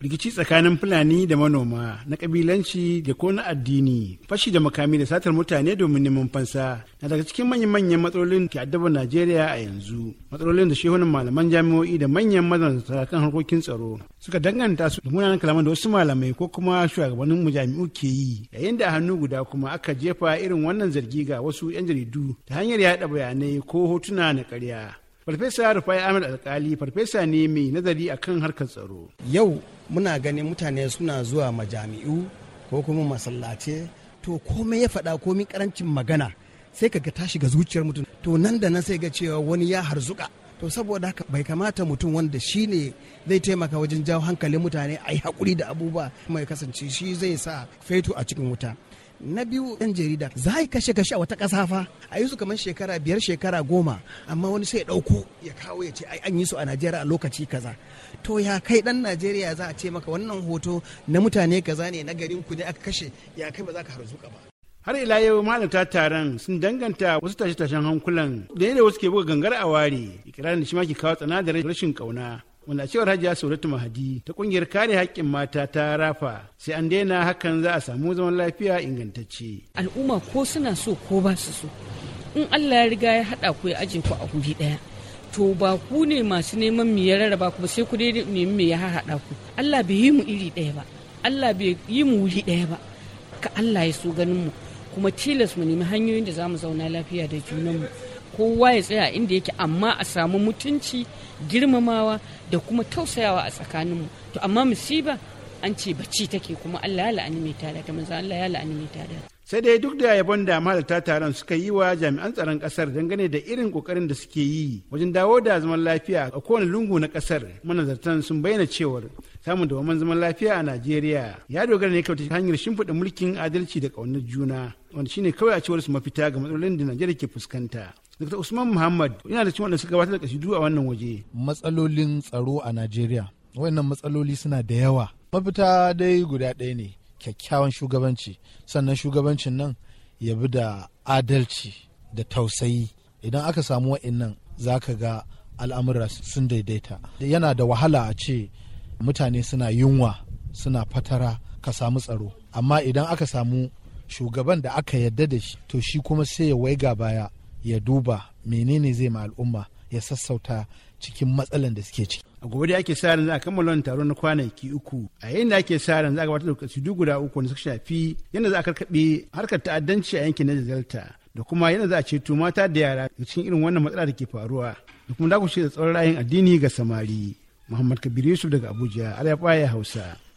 rikici tsakanin fulani da manoma na kabilanci da ko na addini fashi da makami da satar mutane domin neman fansa na daga cikin manyan manyan matsalolin ke addaba najeriya a yanzu matsalolin da shehunan malaman jami'o'i da manyan mazanta kan harkokin tsaro suka danganta su da munanan kalaman da wasu malamai ko kuma shugabannin jami'u ke yi yayin da hannu guda kuma aka jefa irin wannan zargi ga wasu 'yan jaridu ta hanyar yaɗa bayanai ko hotuna na ƙarya Farfesa ya Rufai Amir Alkali farfesa ne mai nazari a kan harkar tsaro. Yau muna ganin mutane suna zuwa majami'u ko kuma masallace to komai ya faɗa komai karancin magana sai ka ga ta shiga zuciyar mutum to nan da nan sai ga cewa wani ya harzuka to saboda haka bai kamata mutum wanda shi ne zai taimaka wajen jawo hankalin mutane a yi haƙuri da abubuwa mai kasance shi zai sa fetu a cikin wuta na biyu ɗan jarida za a yi kashe kashe a wata ƙasa fa a yi su kamar shekara biyar shekara goma amma wani sai ya ɗauko ya kawo ya ce ai an yi su a najeriya a lokaci kaza to ya kai ɗan najeriya za a ce maka wannan hoto na mutane kaza ne na garin ku ne aka kashe ya kai ba za ka harzuka ba har ila yau ta taron sun danganta wasu tashe-tashen hankulan da yadda wasu ke buga gangar a ware ikirarin da shi ma ke kawo tsana da rashin kauna wanda cewar hajiya suratu mahadi ta kungiyar kare haƙƙin mata ta rafa sai an daina hakan za a samu zaman lafiya ingantacce al'umma ko suna so ko ba su so in allah ya riga ya haɗa ku ya aje ku a guri ɗaya to ba ku ne masu neman mu ya rarraba ku ba sai ku dai nemi me ya haɗa ku allah bai yi mu iri ɗaya ba allah bai yi mu wuri ɗaya ba ka allah ya so ganin mu kuma tilas mu nemi hanyoyin da za mu zauna lafiya da junanmu kowa ya tsaya inda yake amma a samu mutunci girmamawa da kuma tausayawa a tsakaninmu to amma musiba an ce bacci take kuma Allah ya la'ani mai tada ta manzo Allah ya la'ani mai tada sai dai duk da yabon da ta taron suka yi wa jami'an tsaron kasar dangane da irin kokarin da suke yi wajen dawo da zaman lafiya a kowane lungu na kasar manazartan sun bayyana cewar samun dawaman zaman lafiya a Najeriya ya dogara ne kawai hanyar shimfiɗa mulkin adalci da ƙaunar juna wanda shine kawai a cewar su mafita ga matsalolin da Najeriya ke fuskanta Dr. Usman Muhammad yana da cikin waɗanda suka gabatar da kashi a wannan waje. Matsalolin tsaro a Najeriya. Wannan matsaloli suna da yawa. Mafita dai guda ɗaya ne kyakkyawan shugabanci sannan shugabancin nan ya bi da adalci da tausayi idan aka samu wa'innan za ka ga al'amura sun daidaita yana da wahala a ce mutane suna yunwa suna fatara ka samu tsaro amma idan aka samu shugaban da aka yadda da shi to shi kuma sai ya waiga baya ya duba menene zai ma al'umma ya sassauta cikin matsalan da suke ciki. A gobe da ake sa ran za a kammala wani taron na kwanaki uku a yayin da ake sa ran za a gabatar da kasidu guda uku da suka shafi yadda za a karkaɗe harkar ta'addanci a yankin na Delta da kuma yadda za a ceto mata da yara da cikin irin wannan matsala da ke faruwa da kuma dakushe ku da tsauran ra'ayin addini ga samari. Muhammad Kabir Yusuf daga Abuja, ya Hausa.